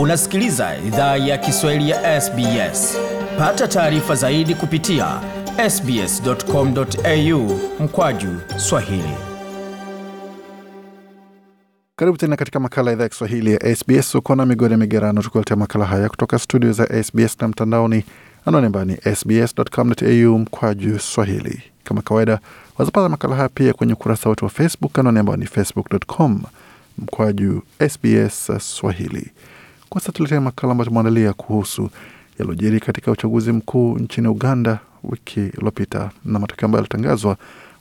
Unasikiliza idhaa ya Kiswahili ya SBS. Pata taarifa zaidi kupitia sbs.com.au mkwaju swahili. Karibu tena katika makala ya idhaa ya Kiswahili ya SBS. Ukona migode migerano, tukuletea makala haya kutoka studio za SBS na mtandaoni, anwani ambayo ni sbs.com.au mkwaju swahili. Kama kawaida, wazapata makala haya pia kwenye ukurasa wetu wa Facebook, anwani ambayo ni facebook.com mkwaju sbs swahili. Kwa sasa tuletea makala ambayo tumeandalia kuhusu yaliojiri katika uchaguzi mkuu nchini Uganda wiki iliyopita na matokeo ambayo yalitangazwa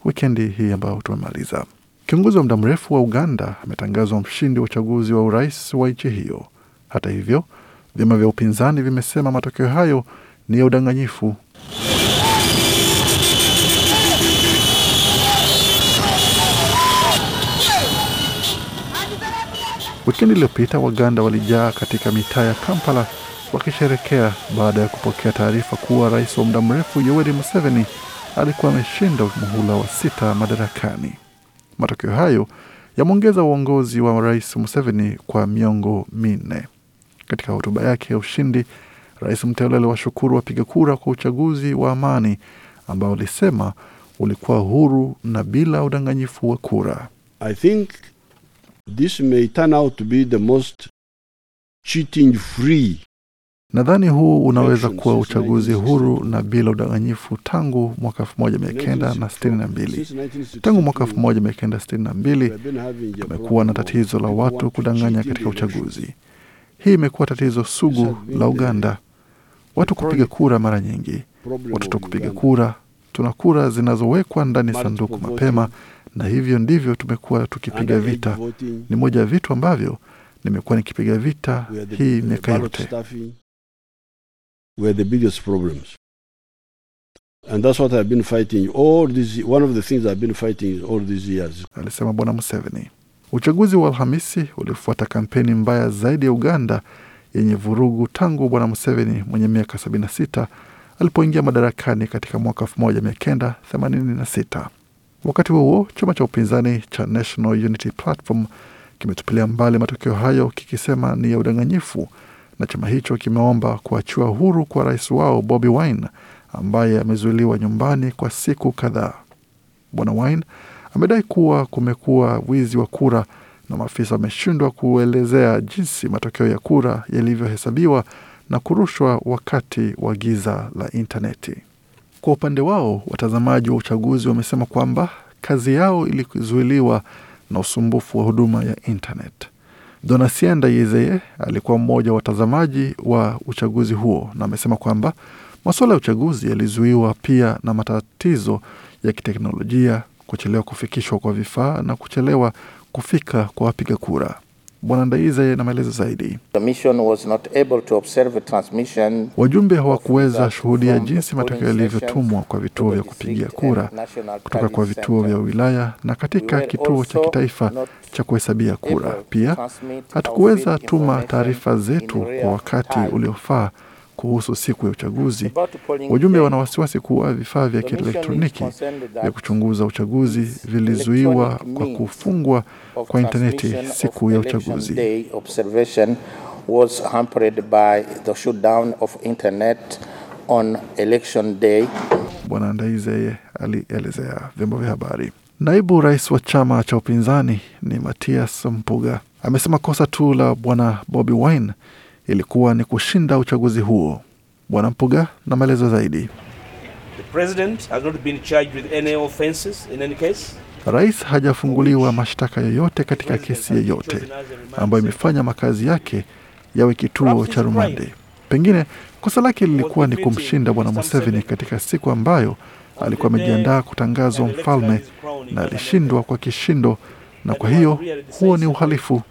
wikendi hii ambayo tumemaliza. Kiongozi wa muda mrefu wa Uganda ametangazwa mshindi wa uchaguzi wa urais wa nchi hiyo. Hata hivyo, vyama vya upinzani vimesema matokeo hayo ni ya udanganyifu Wikendi iliyopita Waganda walijaa katika mitaa ya Kampala wakisherekea baada ya kupokea taarifa kuwa rais wa muda mrefu Yoweri Museveni alikuwa ameshinda muhula wa sita madarakani. Matokeo hayo yameongeza uongozi wa rais Museveni kwa miongo minne. Katika hotuba yake ya ushindi, rais mteule aliwashukuru wapiga kura kwa uchaguzi wa amani ambao alisema ulikuwa huru na bila udanganyifu wa kura. I think This may turn out to be the most cheating free. Nadhani huu unaweza kuwa uchaguzi huru na bila udanganyifu tangu mwaka mbili. Tangu mwaka mbili kumekuwa na tatizo la watu kudanganya katika uchaguzi. Hii imekuwa tatizo sugu la Uganda, watu kupiga kura mara nyingi, watoto kupiga kura. Tuna kura zinazowekwa ndani sanduku mapema na hivyo ndivyo tumekuwa tukipiga vita. Ni moja ya vitu ambavyo nimekuwa nikipiga vita hii miaka yote. Alisema Bwana Museveni. Uchaguzi wa Alhamisi ulifuata kampeni mbaya zaidi ya Uganda yenye vurugu tangu Bwana Museveni mwenye miaka 76 alipoingia madarakani katika mwaka 1986. Wakati huo huo, chama cha upinzani cha National Unity Platform kimetupilia mbali matokeo hayo kikisema ni ya udanganyifu, na chama hicho kimeomba kuachiwa huru kwa rais wao Bobi Wine ambaye amezuiliwa nyumbani kwa siku kadhaa. Bwana Wine amedai kuwa kumekuwa wizi wa kura na maafisa wameshindwa kuelezea jinsi matokeo ya kura yalivyohesabiwa na kurushwa wakati wa giza la intaneti. Kwa upande wao, watazamaji wa uchaguzi wamesema kwamba kazi yao ilizuiliwa na usumbufu wa huduma ya internet. Donasienda Yezeye alikuwa mmoja wa watazamaji wa uchaguzi huo na amesema kwamba masuala ya uchaguzi yalizuiwa pia na matatizo ya kiteknolojia, kuchelewa kufikishwa kwa vifaa na kuchelewa kufika kwa wapiga kura. Bwana Ndaize na maelezo zaidi. Wajumbe hawakuweza shuhudia jinsi matokeo yalivyotumwa kwa vituo vya kupigia kura kutoka kwa vituo vya wilaya na katika kituo cha kitaifa cha kuhesabia kura. Pia hatukuweza tuma taarifa zetu kwa wakati uliofaa kuhusu siku ya uchaguzi. Wajumbe wana wasiwasi kuwa vifaa vya kielektroniki vya kuchunguza uchaguzi vilizuiwa kwa kufungwa kwa intaneti siku ya uchaguzi. Bwana Ndaizeye alielezea vyombo vya habari. Naibu rais wa chama cha upinzani ni Matias Mpuga amesema kosa tu la bwana Bobi Wine ilikuwa ni kushinda uchaguzi huo. Bwana Mpuga na maelezo zaidi. Rais hajafunguliwa mashtaka yoyote katika kesi yoyote ambayo imefanya makazi yake yawe kituo cha rumande. Pengine kosa lake lilikuwa ni kumshinda Bwana Museveni katika siku ambayo alikuwa amejiandaa kutangazwa mfalme na alishindwa kwa kishindo, na kwa hiyo huo ni uhalifu.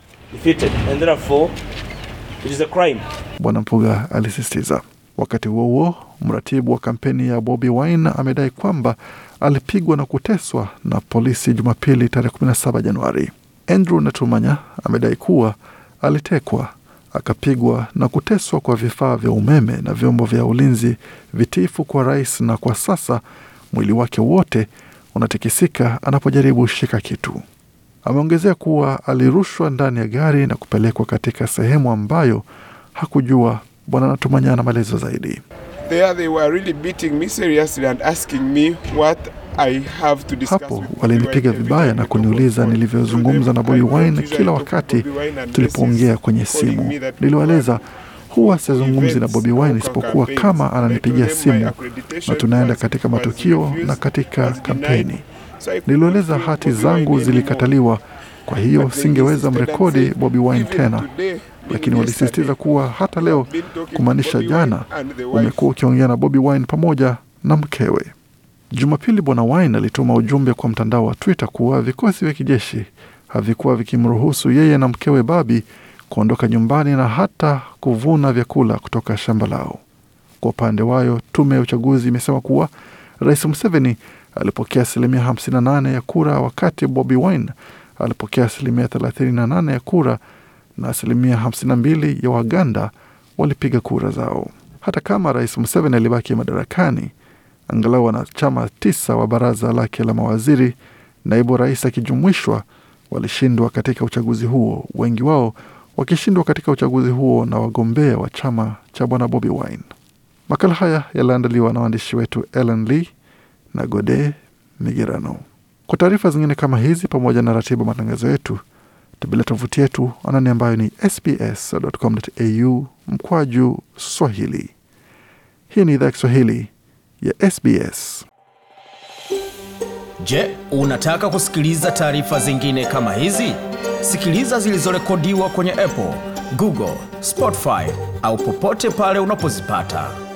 It is a crime. Bwana Mpuga alisisitiza. Wakati huo huo, mratibu wa kampeni ya Bobi Wine amedai kwamba alipigwa na kuteswa na polisi Jumapili tarehe 17 Januari. Andrew Natumanya amedai kuwa alitekwa akapigwa na kuteswa kwa vifaa vya umeme na vyombo vya ulinzi vitifu kwa rais, na kwa sasa mwili wake wote unatikisika anapojaribu shika kitu. Ameongezea kuwa alirushwa ndani ya gari na kupelekwa katika sehemu ambayo hakujua. Bwana Natumanya na maelezo zaidi. Hapo walinipiga vibaya na kuniuliza nilivyozungumza na Bobi Wine kila wakati tulipoongea kwenye simu. Niliwaeleza huwa sizungumzi na Bobi Wine isipokuwa kama ananipigia simu, na tunaenda katika matukio na katika kampeni. Nilieleza hati zangu zilikataliwa, kwa hiyo singeweza mrekodi Bobi Wine tena, lakini walisisitiza kuwa hata leo, kumaanisha jana, umekuwa ukiongea na Bobi Wine pamoja na mkewe. Jumapili, Bwana Wine alituma ujumbe kwa mtandao wa Twitter kuwa vikosi vya kijeshi havikuwa vikimruhusu yeye na mkewe Babi kuondoka nyumbani na hata kuvuna vyakula kutoka shamba lao. Kwa upande wayo, tume ya uchaguzi imesema kuwa Rais Museveni alipokea asilimia 58 ya kura, wakati Bobi Wine alipokea asilimia 38 ya kura na asilimia 52 ya Waganda walipiga kura zao. Hata kama Rais Museveni alibaki madarakani, angalau wanachama tisa wa baraza lake la mawaziri, naibu rais akijumuishwa, walishindwa katika uchaguzi huo, wengi wao wakishindwa katika uchaguzi huo na wagombea wa chama cha bwana Bobi Wine. Makala haya yaliandaliwa na waandishi wetu Ellen Lee na Gode Migerano. Kwa taarifa zingine kama hizi pamoja na ratiba matangazo yetu, tembelea tovuti yetu anani ambayo ni sbs.com.au mkwaju Swahili. Hii ni idhaa ya Kiswahili ya SBS. Je, unataka kusikiliza taarifa zingine kama hizi? Sikiliza zilizorekodiwa kwenye Apple, Google, Spotify au popote pale unapozipata.